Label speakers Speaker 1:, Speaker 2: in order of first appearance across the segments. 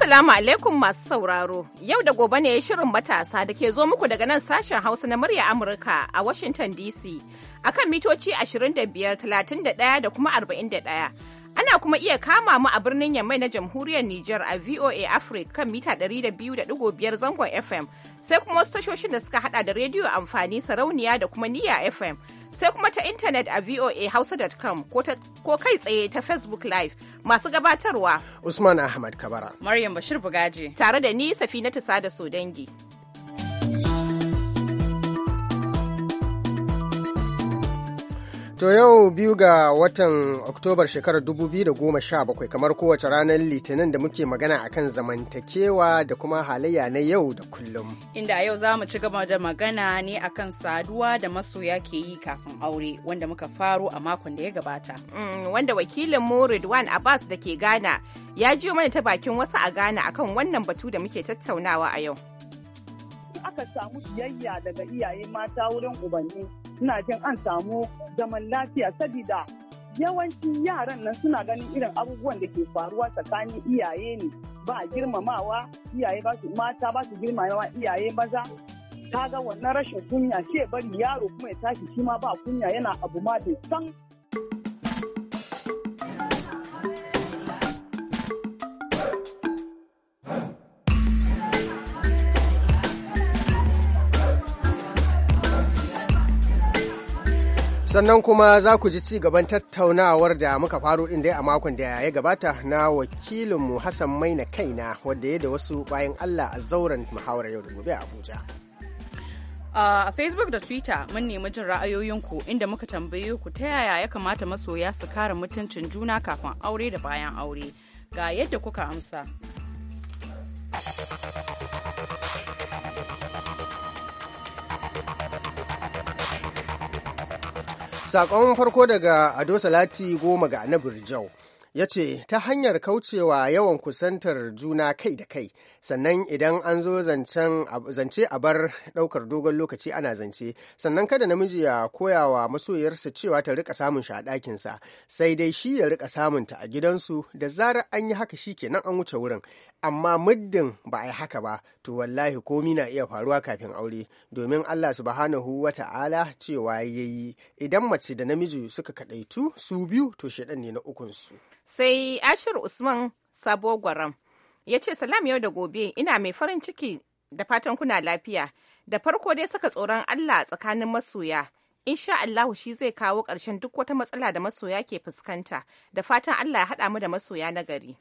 Speaker 1: Assalamu alaikum masu sauraro, yau da gobe ne shirin matasa da ke zo muku daga nan sashen Hausa na murya Amurka a Washington DC akan mitoci 25, 31 da kuma 41. Ana kuma iya kama mu a birnin Yamai na Jamhuriyar Nijar a VOA Africa kan mita 200.5 zangon FM, sai kuma wasu tashoshin da suka hada da rediyo amfani sarauniya da kuma niya FM. sai kuma ta intanet a voahausa.com ko kai tsaye ta Facebook Live masu gabatarwa.
Speaker 2: Usman Ahmad Kabara.
Speaker 1: Maryam Bashir Bugaji. Tare da ni Safinatu Sada Sodangi.
Speaker 2: To yau biyu ga watan Oktobar shekarar 2017 kamar kowace ranar Litinin da muke magana akan zamantakewa da kuma halayya na yau da kullum.
Speaker 3: Inda yau za mu ci gaba da magana ne akan saduwa da masoya ke yi kafin aure wanda muka faro a makon da ya
Speaker 1: gabata. Mm, wanda wakilin mu Ridwan Abbas da ke Ghana ya jiyo mana ta bakin wasu a Ghana akan wannan batu da muke tattaunawa a yau.
Speaker 4: Aka samu biyayya daga iyaye mata wurin ubanni Suna jin an samu zaman lafiya sabida yawanci yaran nan suna ganin irin abubuwan da ke faruwa tsakanin iyaye ne ba girmamawa iyaye ba su mata ba su girmamawa iyaye maza ga wannan rashin kunya ke bari yaro kuma ya tashi shi ma ba kunya yana abu ma bai san
Speaker 2: sannan kuma za ku ji ci gaban tattaunawar da muka faro din dai a makon da ya gabata na wakilinmu hassan maina kaina wadda ya da wasu bayan allah a zauren muhawarar yau da gobe a abuja
Speaker 3: a uh, facebook da twitter mun nemi jin ra'ayoyinku inda muka tambaye ku ta yaya ya kamata masoya su kare mutuncin juna kafin aure da bayan aure ga yadda kuka amsa
Speaker 2: Sakon farko daga Ado Salati goma ga Anabir Jau ya ce ta hanyar kaucewa yawan kusantar juna kai da kai sannan idan an zo zance a bar ɗaukar dogon lokaci ana zance sannan kada namiji ya koya wa masoyarsa cewa ta rika samun shi a ɗakinsa sai dai shi ya rika samun ta a gidansu da zarar an yi haka shi kenan an wuce wurin amma muddin ba a yi haka ba to wallahi komi na iya faruwa kafin aure domin Allah subhanahu wa ta'ala cewa yayi idan mace da namiji suka kaɗaitu su biyu to shaɗan ne na ukunsu.
Speaker 1: sai ashir usman sabo gwaram ya ce salam yau da gobe ina mai farin ciki da fatan kuna lafiya da farko dai saka tsoron allah a tsakanin masoya insha allahu shi zai kawo ƙarshen duk wata matsala da masoya ke fuskanta da fatan allah ya haɗa mu da masoya na gari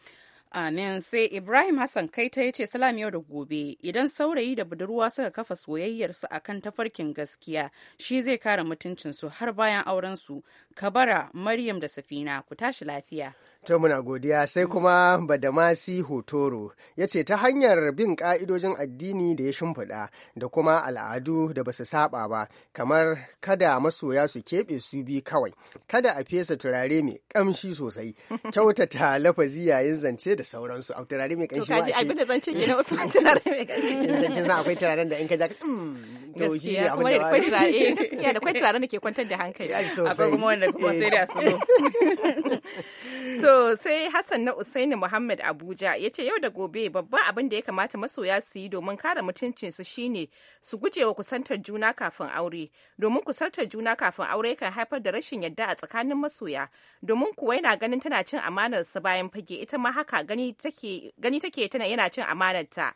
Speaker 1: Amin sai
Speaker 3: Ibrahim Hassan Kaita ya ce salam yau da gobe idan saurayi da budurwa suka kafa soyayyarsu akan tafarkin gaskiya shi zai kare mutuncinsu har bayan aurensu. Kabara, Maryam da Safina ku tashi lafiya.
Speaker 2: To muna godiya sai kuma Badamasi Hotoro ya ce ta hanyar bin ka'idojin addini da ya shimfiɗa da kuma al'adu da basu saba ba kamar kada masoya su keɓe su bi kawai kada a fesa turare mai ƙamshi sosai kyautata lafazi yayin zance da sauransu a turare mai ƙamshi ba a ce. abin
Speaker 1: zance ke na wasu turare mai ƙamshi. Kin san
Speaker 2: akwai turaren da in ka ja
Speaker 1: mm.
Speaker 3: gaskiya
Speaker 1: da kwai turare da ke kwantar da hankali akwai kuma
Speaker 3: wanda kuma sai da su
Speaker 1: to sai Hassan na Usaini Muhammad Abuja ya ce yau da gobe babban abin da ya kamata masoya su yi domin kare mutuncin su shine su guje wa kusantar juna kafin aure domin kusantar juna kafin aure kan haifar da rashin yadda a tsakanin masoya domin kuwa yana ganin tana cin amanar sa bayan fage ita ma haka gani take tana yana cin amanar ta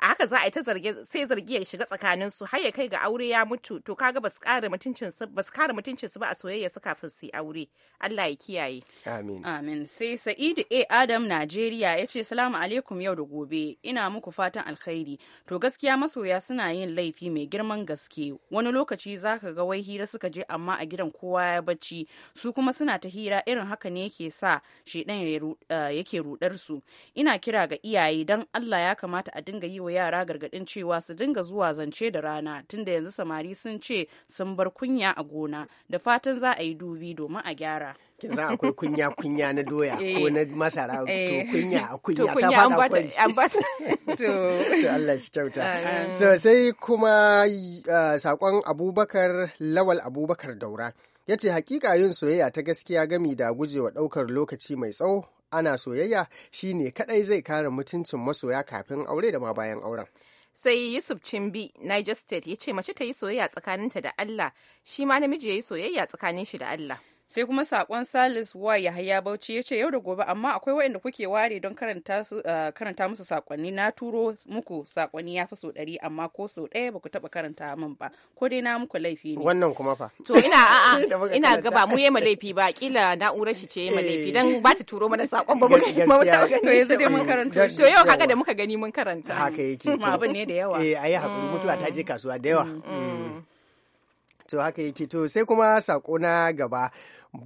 Speaker 1: a haka za a yi ta zarge sai zargi ya shiga tsakanin su har ya kai ga aure ya mutu to kaga ba su kare mutuncin su ba su kare mutuncin su ba a soyayya su kafin su yi aure
Speaker 3: Allah ya kiyaye amin amin sai Sa'idu A Adam Najeriya ya ce salamu alaikum yau da gobe ina muku fatan alkhairi to gaskiya masoya suna yin laifi mai girman gaske wani lokaci zaka ga wai hira suka je amma a gidan kowa ya bacci su kuma suna ta hira irin haka ne yake sa shedan eh, yake rudar su ina kira ga iyaye dan Allah ya kamata a dinga yi wa yara gargaɗin cewa su dinga zuwa zance da rana tunda yanzu samari sun ce sun bar kunya a gona da fatan za a yi dubi domin a gyara.
Speaker 2: kin san akwai kunya kunya na doya eh. ko na masara to eh. kunya a kunya ta fada
Speaker 3: kwai
Speaker 2: to Allah shi kyauta so sai kuma ah, sakon Abubakar Lawal Abubakar Daura yace hakika yin soyayya ta gaskiya gami da gujewa daukar lokaci mai tsawo ana soyayya shi ne kadai zai kare mutuncin masoya kafin aure da ma bayan auren
Speaker 1: sai yusuf cimbi niger state ya ce mace ta yi soyayya tsakaninta da allah shi ma namiji ya yi soyayya tsakanin shi da allah sai kuma sakon
Speaker 3: salis wa yahaya bauchi ya ce yau da gobe amma akwai waɗanda kuke ware don karanta eh, musu sakonni na turo muku sakonni ya fi so ɗari amma ko so ɗaya ba ku taɓa karanta min ba ko dai na muku laifi ne wannan kuma fa to ina
Speaker 1: a'a ina gaba mu yema laifi ba kila na'urar shi ce yema laifi eh. dan ba ta turo mana sakon ba mu to yanzu dai mun
Speaker 2: karanta
Speaker 3: to yau
Speaker 1: kaga da muka gani mun karanta haka yake kuma abin ne da yawa eh ayi
Speaker 2: hakuri mutuwa ta je kasuwa da yawa mm, mm. Mm. to haka yake to sai kuma sako na gaba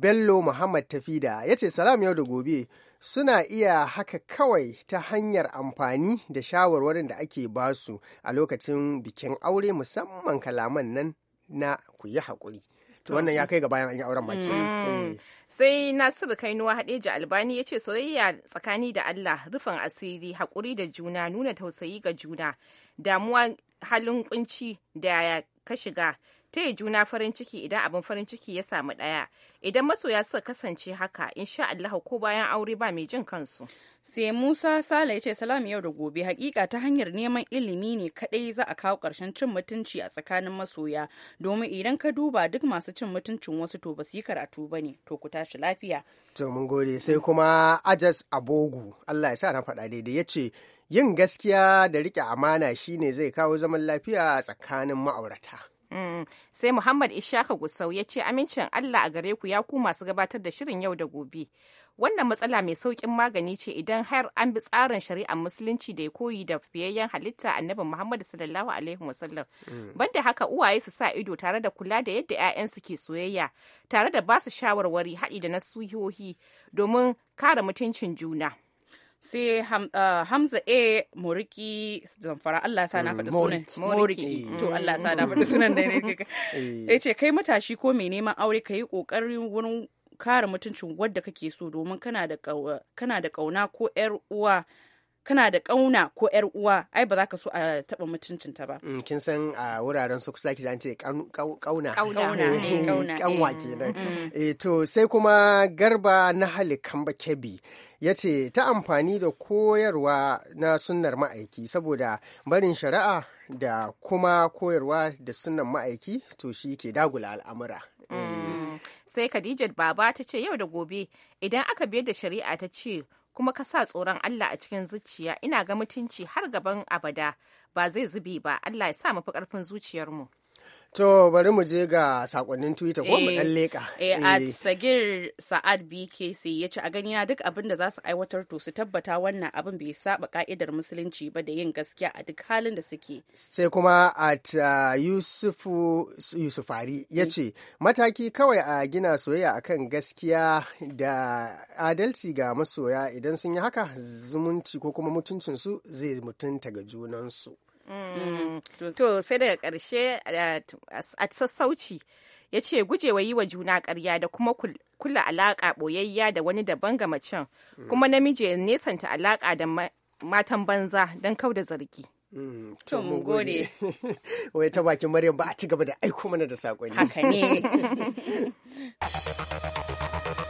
Speaker 2: bello muhammad tafida ya ce salam yau da gobe suna iya haka kawai ta hanyar amfani da shawarwarin da ake basu a lokacin bikin aure musamman kalaman nan na ku yi haƙuri wannan ya kai ga bayan an yi auren maki. Mm. Eh.
Speaker 1: Sai Nasiru Kainuwa Hadeja Albani ya ce soyayya tsakani da Allah rufin asiri haƙuri da juna nuna tausayi ga juna damuwa halin kunci da ka shiga yi juna farin ciki idan abin farin ciki ya samu ɗaya idan masoya suka kasance haka insha Allah ko bayan aure ba mai jin kansu sai Musa Sale ya ce salam
Speaker 3: yau da gobe hakika ta hanyar neman ilimi ne kadai za a kawo karshen cin mutunci a tsakanin masoya domin idan ka duba duk masu cin mutuncin wasu to ba su yi karatu ba ne to ku tashi lafiya
Speaker 2: to mun gode sai kuma Ajas Abogu Allah ya sa na faɗa daidai ya ce yin gaskiya da riƙe amana shine zai kawo zaman lafiya tsakanin ma'aurata
Speaker 1: Mm. Sai Muhammad Ishaka Gusau ya ce amincin Allah a gare ku ya ku masu gabatar da shirin yau da gobe. Wannan matsala mai saukin magani ce idan har an bi tsarin shari'ar musulunci da ya koyi da fiyayyen halitta annabi Muhammad sallallahu alaihi wasallam. Mm. Banda haka uwaye su sa ido tare da kula da yadda 'ya'yansu ke soyayya tare da ba su shawarwari haɗi da nasihohi domin kare mutuncin juna. sai uh, hamza
Speaker 3: a moriki zamfara allah mm, mm. sa na faɗi sunan moriki to allah sa na faɗi sunan da ya ce kai matashi ko mai neman aure ka yi ƙoƙarin wurin kare mutuncin wadda kake so domin kana da ƙauna ko 'yar uwa kana da ƙauna ko yar uwa ai ba za ka so a taɓa mutuncinta ba.
Speaker 2: Mm, kin san a wuraren su kusa ki an ce ƙauna. Ƙauna. Eh, eh, ƙanwa eh, kenan. Mm, mm. to sai kuma garba na halikan bakebi. ya ce ta amfani da koyarwa na sunnar ma'aiki saboda barin shari'a da kuma koyarwa da sunnar ma'aiki to shi ke dagula al'amura.
Speaker 1: Sai Khadijat Baba ta ce yau da gobe idan aka biyar da shari'a ta ce kuma ka sa tsoron Allah a cikin zuciya ina ga mutunci har gaban abada ba zai zube ba Allah ya sa mu fi ƙarfin zuciyarmu.
Speaker 2: To bari mu je ga sakonnin Twitter ko mu dan eh, leka. Eh at eh.
Speaker 1: Sagir
Speaker 3: Sa'ad BKC ya ce a gani na duk abin da za su aiwatar to su tabbata wannan abin bai saba ka'idar musulunci ba da yin gaskiya a duk halin da suke.
Speaker 2: Sai kuma at uh, Yusufu Yusufari ya ce mataki kawai a gina soyayya akan gaskiya da adalci ga masoya idan sun yi haka zumunci ko kuma mutuncinsu zai mutunta ga junansu.
Speaker 1: Mm. Mm. To sai daga ƙarshe eh, a sassauci ya ce gujewa yi wa juna karya da kuma kula alaƙa ɓoyayya da wani daban ga macen mm. kuma namiji ya nesanta alaƙa da matan banza don kau da zargi.
Speaker 2: To mu gode. Wai ta bakin Maryam ba a ci gaba da aiko mana da saƙoni. Haka ne.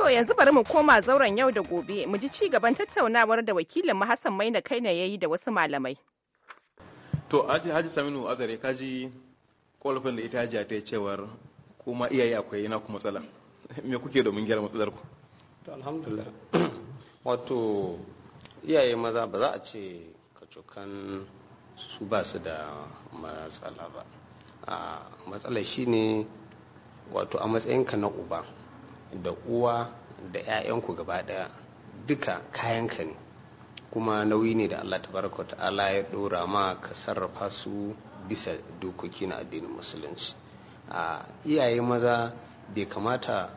Speaker 1: To yanzu bari mu koma zauren yau da gobe mu ji ci gaban tattaunawar da wakilin mu Hassan Maina Kaina yayi da wasu malamai.
Speaker 5: To Haji Haji Saminu Azare kaji kolfin da ita Hajiya ta cewar kuma iyaye akwai na ku matsala. Me kuke domin gyara matsalar
Speaker 6: ku? To alhamdulillah. Wato iyaye maza ba za a ce kacokan su ba su da matsala ba. A ah, matsalar shine wato a matsayinka na uba. da uwa da 'ya'yanku gaba ɗaya duka kayanka ne kuma nauyi ne da allah ta ta'ala ya ɗaura ma ka sarrafa su bisa dokoki na addinin musulunci a iyaye maza bai kamata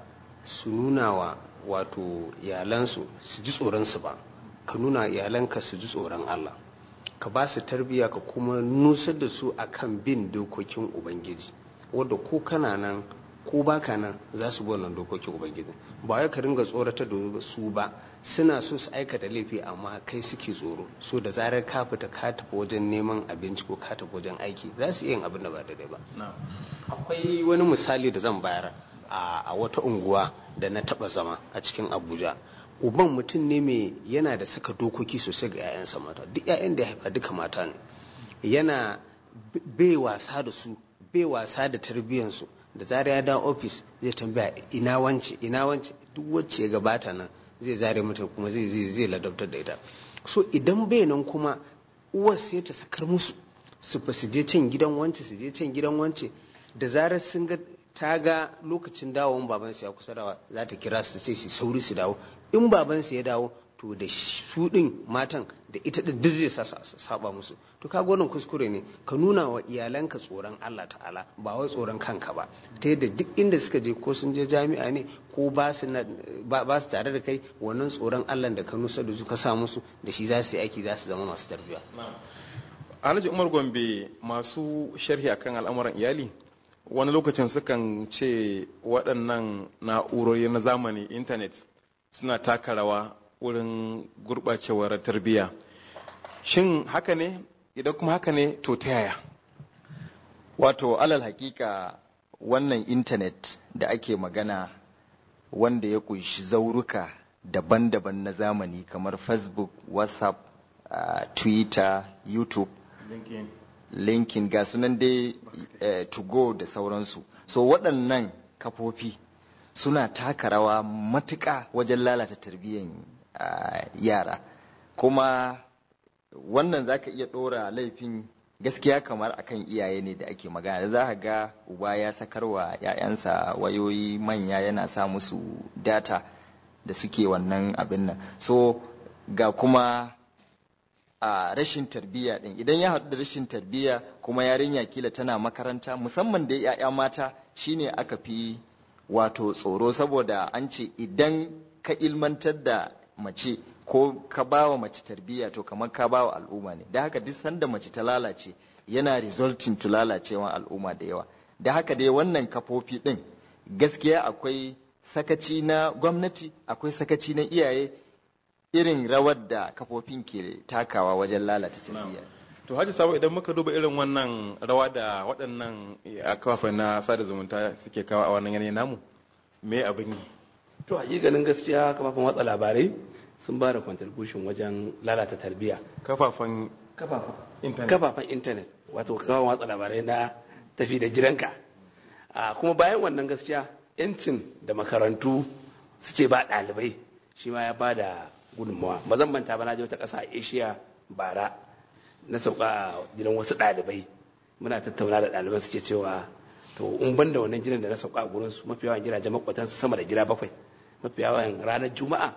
Speaker 6: su nuna wa wato iyalansu su ji tsoronsu ba ka nuna iyalanka su ji tsoron allah ka ba su tarbiyya ka kuma nusar da su akan bin dokokin ubangiji wadda ko kana nan ko baka nan za su bi wannan dokokin ubangiji ba wai ka ringa tsorata da su ba suna so su aikata laifi amma kai suke tsoro so da zarar ka fita ka tafi wajen neman abinci ko ka tafi wajen aiki za su yin abin da ba daidai ba akwai wani misali da zan bayar a wata unguwa da na taba zama a cikin abuja uban mutum ne mai yana da saka dokoki sosai ga 'ya'yansa mata duk 'ya'yan da ya haifa duka mata ne yana bai wasa da su bai wasa da tarbiyyansu da zare ya dawo ofis zai tambaya ina wance ina wance duk wacce ya gabata nan zai zare mata kuma zai zai zai ladabtar da ita so idan bai nan kuma uwar sai ta sakar musu su fa su je cin gidan wance su je cin gidan wance da zarar sun ga ta ga lokacin baban babansa ya kusa dawa za ta kira su ce su sauri su dawo in baban babansa ya dawo to da su din matan da ita din duk zai saba musu to ka wannan kuskure ne ka nuna wa iyalanka tsoron Allah ta'ala ba wai tsoron kanka ba ta yadda duk inda suka je ko sun je jami'a ne ko ba su tare da kai wannan tsoron Allah da ka nusa da su ka sa musu da shi za su yi aiki za su zama masu tarbiyya Alhaji Umar Gombe masu sharhi akan al'amuran iyali
Speaker 5: wani lokacin sukan ce waɗannan na'urori na zamani intanet suna taka rawa wurin gurɓacewar tarbiyya
Speaker 7: shin haka ne idan kuma haka ne to ta yaya wato alal hakika wannan intanet da ake magana wanda ya kunshi zauruka daban-daban na zamani kamar facebook whatsapp uh, twitter youtube linkin, linkin ga sunan dai uh, to go da sauransu so waɗannan kafofi suna taka rawa matuƙa wajen lalata tarbiyyar yara kuma wannan za ka iya ɗora laifin gaskiya kamar akan iyaye ne da ake magana da za ka ga uba ya sakarwa 'ya'yansa wayoyi manya yana sa musu data da suke wannan abin nan so ga kuma a rashin tarbiyya din idan ya haɗu da rashin tarbiyya kuma yarinya kila tana makaranta musamman da 'ya'ya mata shine aka fi wato tsoro saboda an ce idan ka ilmantar da mace ko ka ba wa mace tarbiyya to kamar ka ba wa al'umma ne da haka duk sanda mace ta lalace yana resulting to lalacewan al'umma da yawa da haka dai wannan kafofi din gaskiya akwai sakaci na gwamnati akwai sakaci na iyaye irin rawar da kafofin ke takawa wajen lalata tarbiyya
Speaker 5: to Haji sabo idan muka duba irin wannan rawa da waɗannan eh, kafafen na sada zumunta suke kawo a wannan yanayi namu me abin yi to a ganin
Speaker 8: gaskiya kafafen watsa labarai sun ba da contribution wajen lalata tarbiyya kafafen kafafen intanet wato kafafen watsa labarai na tafi da jiranka kuma bayan wannan gaskiya yancin da makarantu suke ba ɗalibai shi ma ya ba da gudunmawa ba zan manta ba na je wata ƙasa a asia bara na sauka a gidan wasu ɗalibai muna tattauna da ɗaliban suke cewa to in ban da wannan gidan da na sauka a gurinsu mafi yawan gidajen makwatansu sama da gida bakwai mafi yawan ranar juma'a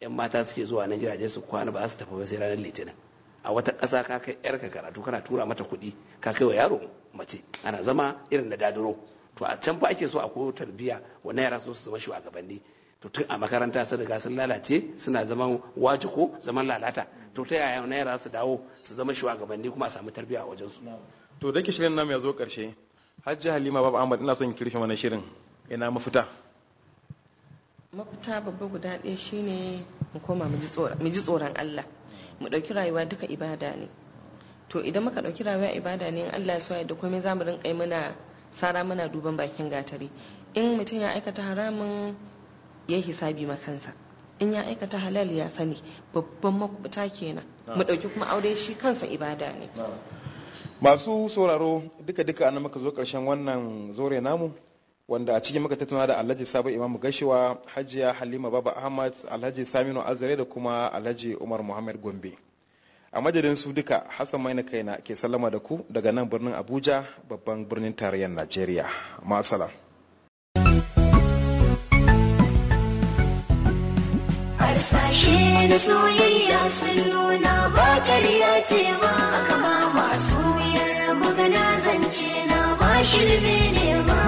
Speaker 8: yan mata suke zuwa nan gidaje su kwana ba su tafi ba sai ranar litinin a wata ƙasa ka kai yarka karatu kana tura mata kuɗi ka kai wa yaro mace ana zama irin na dadiro to a can ba ake so a koyo tarbiya wannan yara so su zama shugabanni to tun a makaranta sun riga sun lalace suna zama waje ko zaman lalata to ta yaya na yara su dawo su zama shugabanni kuma a samu tarbiya a wajen su to da shirin namu ya zo karshe
Speaker 5: hajji halima babu ahmad ina son kirshe mana shirin ina mafita
Speaker 4: mafita
Speaker 1: babba guda ɗaya shine mu koma mu ji tsoron Allah mu ɗauki rayuwa duka ibada ne to idan muka ɗauki rayuwa ibada ne in Allah ya so da komai za mu rinƙa muna sara muna duban bakin gatari in mutum ya aikata haramun ya hisabi ma kansa, in ya aikata halal ya sani babban makubuta kenan mu ɗauki kuma aure shi kansa ibada ne
Speaker 5: masu sauraro duka-duka an muka zo karshen wannan zore namu wanda a cikin muka tattauna da Alhaji Sabo Imam Gashiwa, Hajiya Halima Baba Ahmad, Alhaji Saminu Azare da kuma Alhaji Umar Muhammad Gombe. A madadin su duka Hassan Maina kaina ke sallama da ku daga nan birnin Abuja babban birnin tarayyar Najeriya. masala
Speaker 9: Harsashe soyayya sun nuna ba masu na ba shirme ne ba.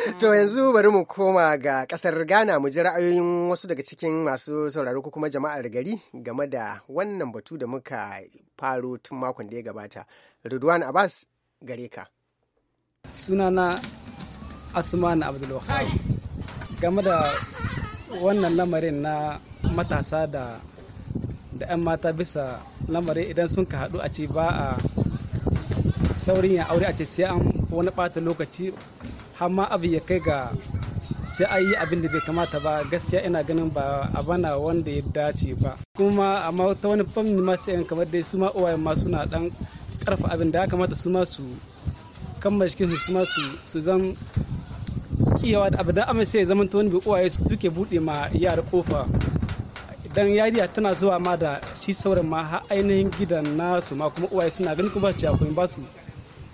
Speaker 2: to yanzu bari mu koma ga kasar ghana mu ji ra'ayoyin wasu daga cikin masu sauraro ko kuma jama'ar gari game da wannan batu da muka faro tun makon da ya gabata ridwan abbas gare ka sunana
Speaker 6: asman abdulwahab game da wannan lamarin na matasa da da 'yan mata bisa lamari idan sun ka haɗu a ce ba a saurin ya aure a ce sai an wani ɓata lokaci har ma abu ya kai ga sai a yi abin da bai kamata ba gaskiya ina ganin ba a bana wanda ya dace ba kuma amma ta wani famni ma sai kamar dai su ma uwayen ma suna dan karfa abin da ya kamata su ma su kammala cikin su ma su zan kiyawa da abin da amma sai zaman ta wani bai uwaye suke bude ma yara kofa dan yariya tana zuwa ma da shi sauran ma har ainihin gidan nasu ma kuma uwaye suna ganin kuma ba su jakuni ba su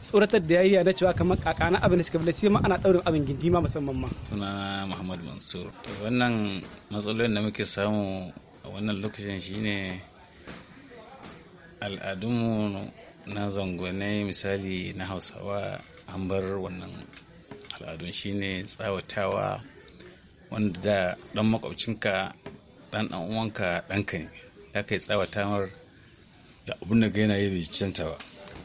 Speaker 6: tsoratar da yayi na cewa kamar kaka na abin da suka bala sai ma ana daurin abin gindi ma musamman ma
Speaker 5: suna Muhammad Mansur to wannan matsalolin da muke samu a wannan lokacin shine al'adunmu na zangone misali na Hausawa an bar wannan al'adun shine tsawatawa wanda da dan makwabcinka dan dan uwanka danka ne da kai tsawatawar da abin da ga yana yi bai canta ba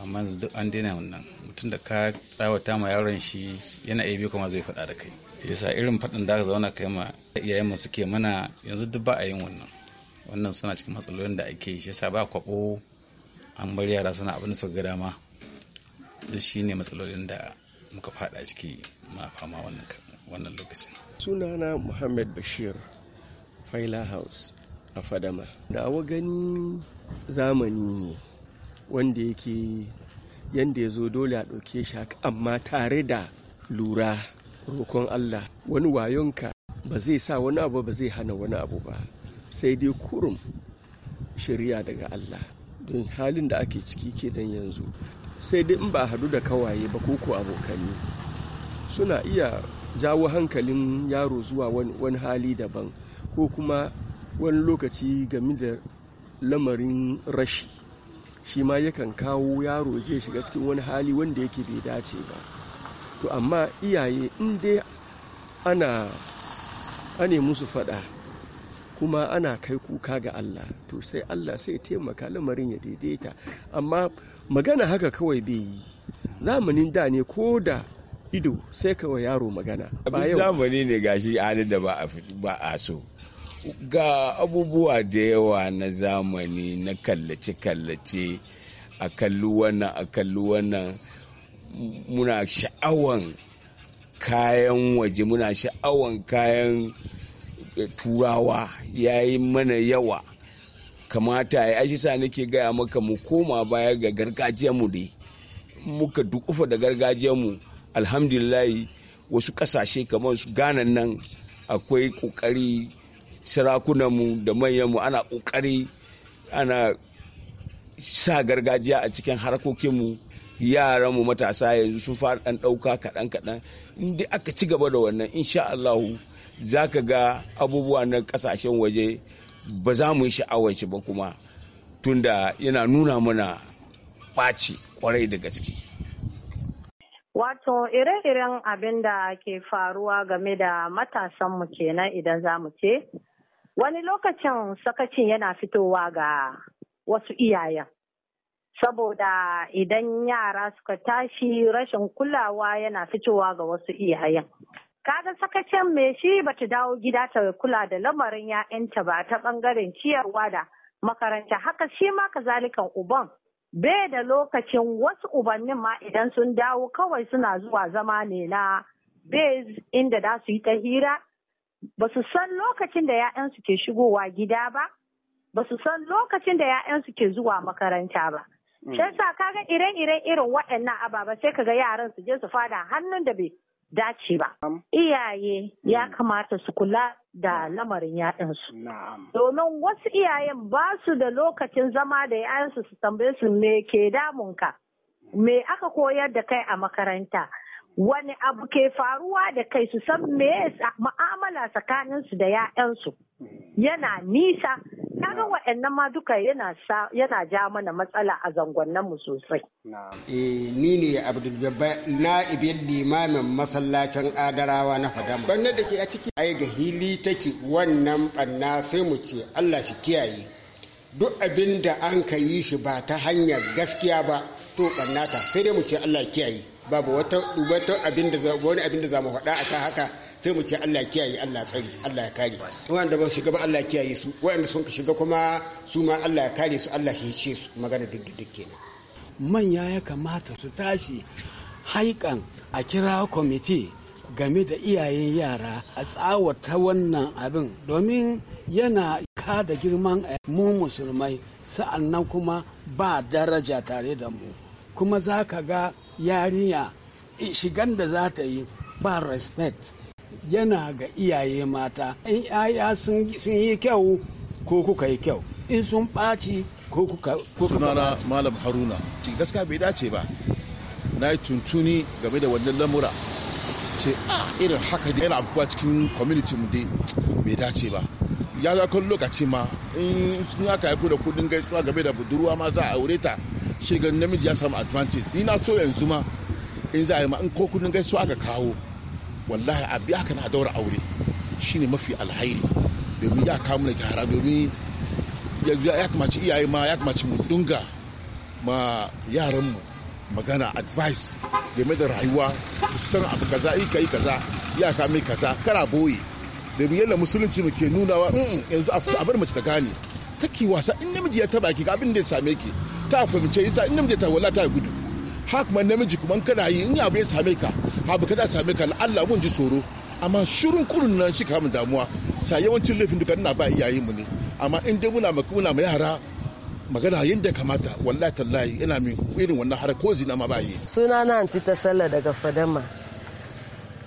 Speaker 5: amma yanzu duk an daina wannan mutum da ka tsawata ma yaron shi yana iya biyu kuma zai faɗa da kai yasa irin faɗin da aka zauna kai ma iyayen mu suke mana yanzu duk ba a yin wannan wannan suna cikin matsalolin da ake shi yasa ba kwabo an bar yara suna abin da suka ga dama duk ne matsalolin da muka faɗa ciki muna fama wannan
Speaker 9: wannan lokacin sunana Muhammad Bashir Faila House a Fadama da wa gani zamani ne wanda yake yanda ya zo dole a ɗauke shi haka amma tare da lura rokon Allah wani wayonka ba zai sa wani abu ba zai hana wani abu ba sai dai kurum shari'a daga Allah don halin da ake ciki ke dan yanzu sai dai in ba a hadu da kawaye ba koko abokanni suna iya jawo hankalin yaro zuwa wani hali daban ko kuma wani lokaci game da lamarin rashi shi ma yakan kawo yaro je shiga cikin wani hali wanda yake bai dace ba to amma iyaye in dai ana ane musu fada kuma ana kai kuka ga Allah to sai Allah sai taimaka lamarin ya daidaita amma magana haka kawai bai yi zamanin da ne ko da ido sai kawai yaro magana Abin
Speaker 8: zamani ne gashi halin da ba a so ga abubuwa da yawa na zamani na kallace-kallace a kalli wannan a kalli wannan muna sha'awan kayan waje muna sha'awan kayan turawa ya yi mana yawa kamata ya yi sa nake gaya maka mu koma baya ga gargajiyarmu dai muka dukufa da gargajiyarmu alhamdulillahi wasu kasashe kamar su ganan nan akwai kokari sarakunanmu da manyanmu ana ƙoƙari ana sa gargajiya a cikin harkokinmu yaranmu matasa yanzu sun fara ɗan ɗauka kaɗan-kaɗan inda aka ci gaba da wannan insha Allahu za ka ga abubuwa na ƙasashen waje ba za mu yi sha'awar shi ba kuma tunda yana nuna mana ɓaci kwarai da gaske.
Speaker 10: Wato ire-iren abin da ke faruwa game da matasanmu kenan idan za mu ce Wani lokacin sakacin yana fitowa ga wasu iyayen. Saboda idan yara suka tashi rashin kulawa yana fitowa ga wasu iyayen. Kaga sakacin mai shi bata dawo gida ta kula da lamarin 'ya'yanta ba ta ɓangaren ciyarwa da makaranta haka shi ma kazalikan uban bai da lokacin wasu ubannin ma idan sun dawo kawai suna zuwa zama ne na bez inda da su yi ta hira ba su san lokacin da 'ya'yansu ke shigowa gida ba ba su san lokacin da 'ya'yansu ke zuwa makaranta ba mm. Sai sa kaga ire-iren irin waɗannan ababa sai kaga yaran su je su fada hannun da bai dace ba. Iyaye ya mm. kamata su kula da lamarin yaɗansu. Domin wasu iyayen ba su da lokacin zama da yayansu su tambaye su me ke damunka, me aka koyar da kai a makaranta. wani abu ke faruwa da kai su san me ma'amala tsakaninsu da 'ya'yansu yana nisa kaga waɗannan ma duka yana ja mana matsala a zangonnan mu sosai
Speaker 7: eh ni ne Abdul na na'ibin limamin masallacin Adarawa na Fadama banna da ke a ciki ai ga hili take wannan banna sai mu ce Allah shi kiyaye duk abinda da an ka yi shi ba ta hanyar gaskiya ba to banna ta sai dai mu ce Allah kiyaye babu wata wata abin da wani abin da zamu faɗa akan haka sai mu ce Allah ya kiyaye Allah ya tsare Allah ya kare wanda ba su shiga ba Allah ya kiyaye su wanda sun ka shiga kuma su ma Allah ya kare su Allah ya ce su magana duk kenan manya ya
Speaker 8: kamata su tashi haikan a kira kwamiti game da iyayen yara a tsawata wannan abin domin yana ka da girman mu musulmai sa'annan kuma ba daraja tare da mu kuma za ka ga yarinya shigan da za ta yi ba respect yana ga iyaye mata in yaya sun yi kyau ko kuka yi
Speaker 11: kyau in
Speaker 8: sun ɓaci
Speaker 11: ko kuka sunana malam haruna gaskiya bai dace ba na yi tuntuni game da wannan lamura ce ah, irin haka da yana abubuwa cikin kwamitin mu dai bai dace ba ya za kan lokaci ma in sun aka haifo da kudin gaisuwa game da budurwa ma za a aure ta shi ga namiji ya samu advantage ni na so yanzu ma in za a yi ma in ko kudin gaisuwa aka kawo wallahi a biya ka na daura aure shine mafi alhairi domin ya kawo mana gyara domin yanzu ya kamaci iyaye ma ya kamaci mu dunga ma yaranmu magana advice game da rayuwa su san abu kaza yi ka kaza ya kame kaza kara boye da yadda musulunci mu ke wa. Mm, yanzu a fita a mace ta gane kake wasa in namiji ya taba ki ga abin da ya same ki ta fahimce yasa in namiji ya taba wala ta gudu ha kuma namiji kuma kana yi in abu ya same ka ka kada same ka Allah mun ji tsoro amma shirin kurun nan shi kamun damuwa sa yawancin laifin duka ina ba iyayen mu ne amma in dai muna maka muna yara magana yadda kamata wallahi tallahi ina min irin wannan har ko zina ma ba yi
Speaker 4: sunana anti tasalla daga fadama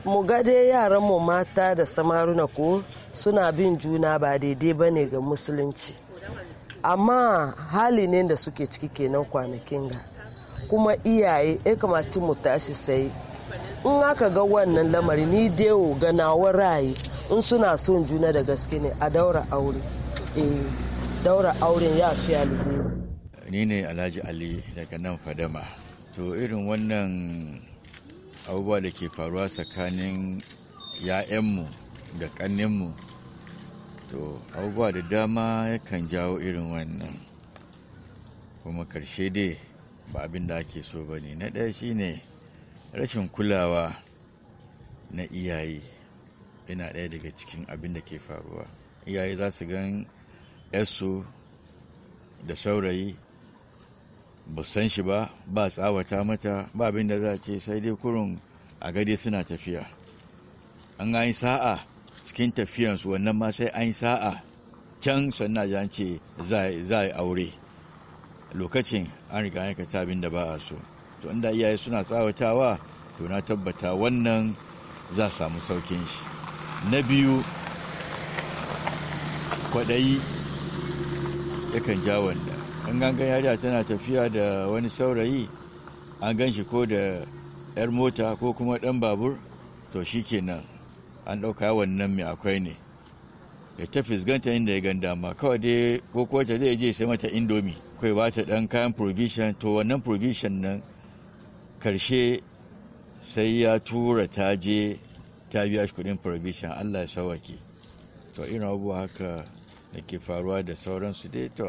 Speaker 4: mu ga dai yaran mu mata da samaruna ko suna bin juna ba daidai ba ne ga musulunci amma hali ne da suke ciki kenan kwanakin ga kuma iyaye ya kamaci mu tashi sai in aka ga wannan lamari ni dewo ga nawa rayi in suna son juna da gaske ne a daura aure eh daura auren ya fi
Speaker 12: ni ne alhaji ali daga nan fadama to irin wannan abubuwa da ke faruwa tsakanin ‘ya'yanmu da ƙanninmu to abubuwa da dama yakan jawo irin wannan kuma ƙarshe dai ba abin da ake so ba ne na ɗaya shine rashin kulawa na iyaye yana ɗaya daga cikin abin da ke faruwa iyaye za su gan yarsu da saurayi ba san shi ba ba tsawata mata ba abin da za ce sai dai kurun a gade suna tafiya an yi sa'a cikin tafiyansu wannan ma sai an yi sa'a can sannan ya ce za a yi aure lokacin an riga an ta abin da ba a so to inda iyaye suna tsawatawa to na tabbata wannan za samu saukin shi na biyu kwaɗayi yakan ja wani in gangan yariya tana tafiya da wani saurayi an gan shi ko da 'yar mota ko kuma ɗan babur to shi kenan an ɗauka wannan mai akwai ne ya ta fisganta inda ya ganda ma kawai dai ko kuwa ta zai je sai mata indomi kai ba ta ɗan kayan provision to wannan provision nan karshe sai ya tura ta je ta biya shi kuɗin provision allah ya sawaki to irin abubuwa haka da ke faruwa da sauransu dai to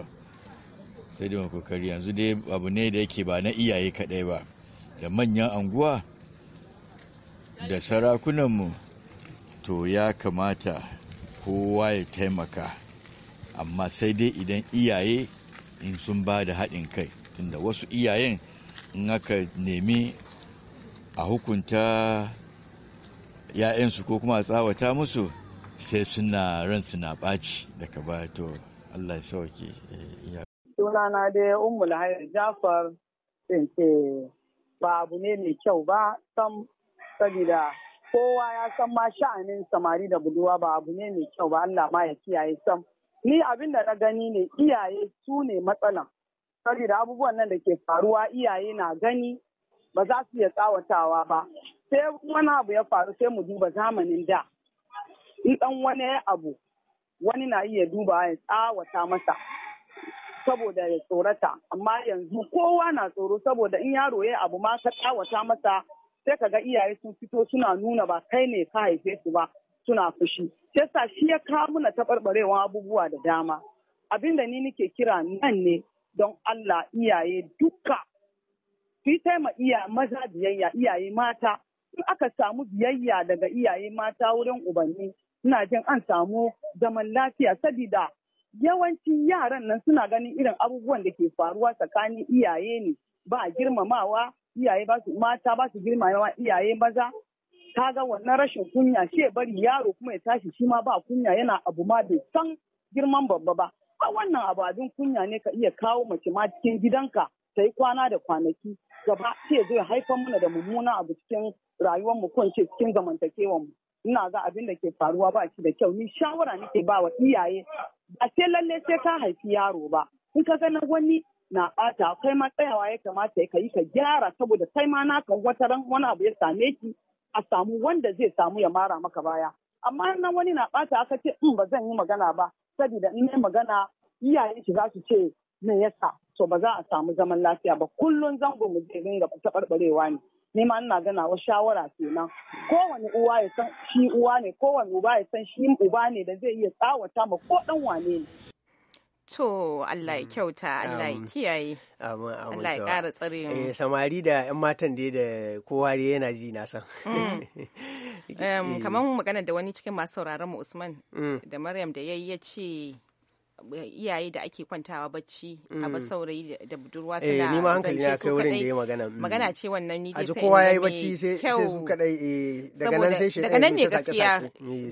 Speaker 12: sai dai kokari yanzu dai abu ne da yake ba na iyaye kadai ba da manyan anguwa da sarakunanmu to ya kamata kowa ya taimaka amma sai dai idan iyaye in sun ba da haɗin kai tunda wasu iyayen in aka nemi a hukunta ‘ya'yansu ko kuma a tsawata musu sai suna ran suna ɓaci daga baya to Allah ya sauke eh,
Speaker 4: sunana dai ummul lahayar jafar in ba abu ne mai kyau ba sam saboda kowa ya san ma sha'anin samari da buduwa ba abu ne mai kyau ba Allah ma ya kiyaye sam ni abin da na gani ne iyaye su ne matsalan saboda abubuwan nan da ke faruwa iyaye na gani ba za su iya tsawatawa ba sai wani abu ya faru sai mu duba zamanin da in dan wani abu wani na iya duba ya tsawata masa saboda ya tsorata amma yanzu kowa na tsoro saboda in yaro ya abu ma ka tsawata masa sai ka ga iyaye sun fito suna nuna ba kai ne ka haife su ba suna fushi sa shi ya kawo mana taɓarɓarewan abubuwa da dama Abin da ni nake kira nan ne don Allah iyaye duka su yi taima iya maza biyayya iyaye mata in aka samu biyayya daga iyaye mata wurin ubanni ina jin an samu zaman lafiya sabida yawanci yaran nan suna ganin irin abubuwan da ke faruwa tsakanin iyaye ne ba girmamawa iyaye ba su mata ba su girmamawa iyaye maza kaga wannan rashin kunya shi bari yaro kuma ya tashi shi ma ba kunya yana abu ma bai san girman babba ba a wannan abu kunya ne ka iya kawo mace ma cikin gidanka ta yi kwana da kwanaki gaba ce zai haifar mana da mummuna abu cikin rayuwar mu ko ce cikin zamantakewar mu ina ga abin da ke faruwa ba shi da kyau ni shawara nake ba wa iyaye ba sai lalle sai ka haifi yaro ba in ka na wani na bata kai ma tsayawa ya kamata ya yi ka gyara saboda kai ma naka wata ran wani abu ya same ki a samu wanda zai samu ya mara maka baya amma nan wani na bata aka ce in mm, ba zan yi magana ba saboda in magana iyaye ki za su ce me yasa to ba za a samu zaman lafiya ba Kullum zango mu zai ringa taɓarɓarewa ne ne ma ina gana wa shawara kenan kowane uwa ya san shi uwa ne kowane uba ya san shi uba ne da zai iya tsawata ma ko dan wane ne
Speaker 1: To Allah ya mm. kyauta, Allah ya kiyaye. Amin, amin. Allah ya kara tsare mu. Eh, samari da
Speaker 2: 'yan matan dai da kowa dai yana ji na san.
Speaker 1: Mm. Eh. Kamar magana da wani cikin masu sauraron mu Usman mm. da Maryam da yayi ya ce iyaye da ake kwantawa bacci a ba mm. saurayi da budurwa suna eh, da ni ma hankali na kai wurin da ya magana mm. magana ce wannan ni dai sai kowa yayi bacci sai sai su
Speaker 2: kadai eh, daga nan sai shi daga nan eh, ne gaskiya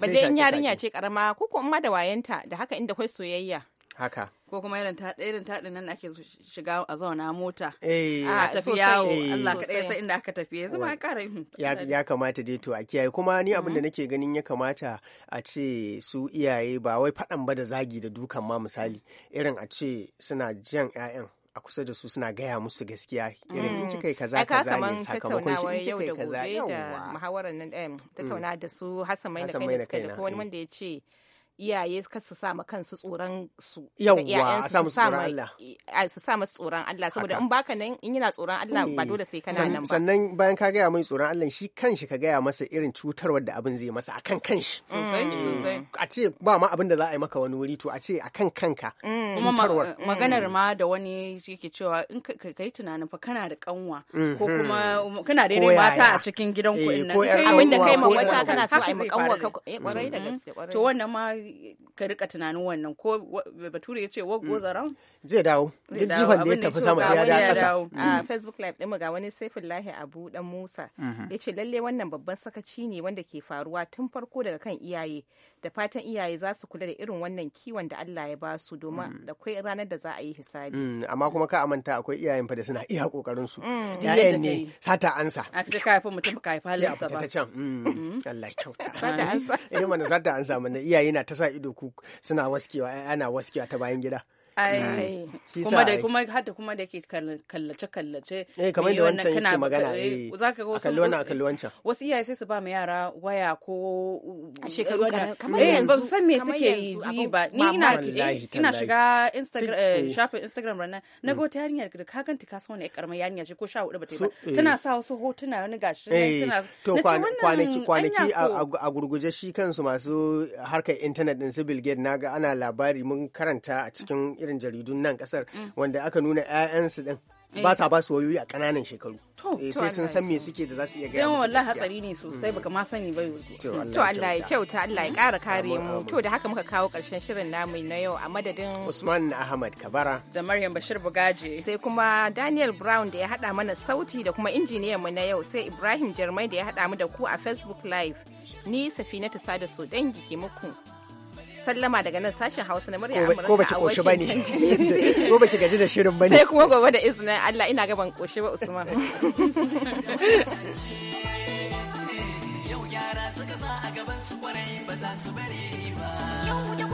Speaker 2: ba dai yarinya
Speaker 1: ce karama ko kuma da wayanta da haka inda kai soyayya
Speaker 2: haka
Speaker 3: ko kuma irin ta irin taɗin nan ake shiga a zauna mota eh a tafi yawo eh. Allah ka dai sai inda aka tafi yanzu ma ƙara ya ya
Speaker 2: kamata dai to a kiyaye kuma ni abin da mhm. nake ganin ya kamata a ce su iyaye ba wai fadan ba da zagi da dukan ma misali irin a ce suna jan ƴaƴan a kusa da su suna gaya musu gaskiya irin in mm. kika kaza kaza ne sakamakon shi in kika kaza yau da
Speaker 1: muhawaran nan eh, mm. tattauna da su hasan mai da kai da wani mm. wanda ya ce iyaye ka su sama kansu tsoron su yawwa su sa Allah su tsoron Allah saboda in baka nan in yana tsoron Allah ba eh, dole sai kana nan ba
Speaker 2: sannan bayan ka gaya mai tsoron Allah shi kanshi ka gaya masa irin cutarwar da abin zai masa akan kanshi mm, sosai eh, sosai a ce ba ma abin da za a yi maka wani wuri to a ce akan kanka mm, cutarwar eh,
Speaker 3: maganar mm. ma da wani yake cewa in ka yi tunanin fa kana da kanwa ko mm-hmm. kuma kana daidai mata a cikin gidan ku nan abin da kai ma wata kana so a yi ma kanwa ka kwarai da mm-hmm. gaske kwarai to wannan ma ka rika tunanin wannan ko bature ya ce what goes mm. around
Speaker 1: zai
Speaker 2: dawo
Speaker 3: duk jifan da ya tafi sama ya da kasa mm. a
Speaker 1: facebook live din ga wani saifullahi abu dan musa mm-hmm. ya ce lalle wannan babban sakaci ne wanda ke faruwa tun farko daga kan iyaye da fatan iyaye za su kula da irin wannan kiwon da Allah ya ba su domin mm. da akwai ranar da za a yi hisabi
Speaker 2: mm, amma kuma ka amanta akwai iyayen fa da suna iya kokarin su iyayen mm, ne sata ansa
Speaker 1: a ta kafin mutum ka haifa halin sa ba ta
Speaker 2: can Allah kyauta sata ansa eh mana sata ansa mana iyaye na ta sa ido ku suna waskewa ana waskewa ta bayan gida
Speaker 3: ai eh, kuma da kuma hadda kuma da ke kallace kallace eh kamar da wancan yake magana eh, eh zaka ga wasu wannan akalli wancan wasu iyaye sai su ba mu yara waya ko
Speaker 1: a shekaru kamar eh, yanzu ba
Speaker 3: san me suke yi ba ni ina ina shiga instagram shafin instagram ranan na ga mm. wata yarinya da ka ganta ka san wani karamar yarinya ce ko 14 ba ta ba tana sa wasu hotuna wani gashi tana to kwanaki kwanaki
Speaker 2: a gurguje shi kansu masu harkar internet din su bilgate naga ana labari mun karanta a cikin irin jaridun nan kasar mm. wanda aka nuna 'ya'yansu din eh. ba sa ba su wayoyi a kananan shekaru eh, sai sun san me suke da za su iya gaya musu wallahi hatsari ne sosai
Speaker 1: baka ma sani ba to Allah ya kyauta Allah ya kara kare mu to da haka muka kawo karshen shirin namu na yau a madadin Usman
Speaker 2: Ahmad Kabara
Speaker 1: da Maryam Bashir Bugaje sai kuma Daniel Brown da ya hada mana sauti da kuma injiniyan mu na yau sai Ibrahim Jarmai da ya hada mu da ku a Facebook live ni Safinatu Sada Sodangi ke muku sallama daga nan sashen Hausa na murya Amurka. Ko bace koshi bane.
Speaker 12: Ko bace gaji da shirin bane. Sai
Speaker 1: kuma gobe da izina Allah ina gaban koshi ba Usman.
Speaker 7: Yau gyara suka za a gaban su kwarai ba za su bare
Speaker 9: ba.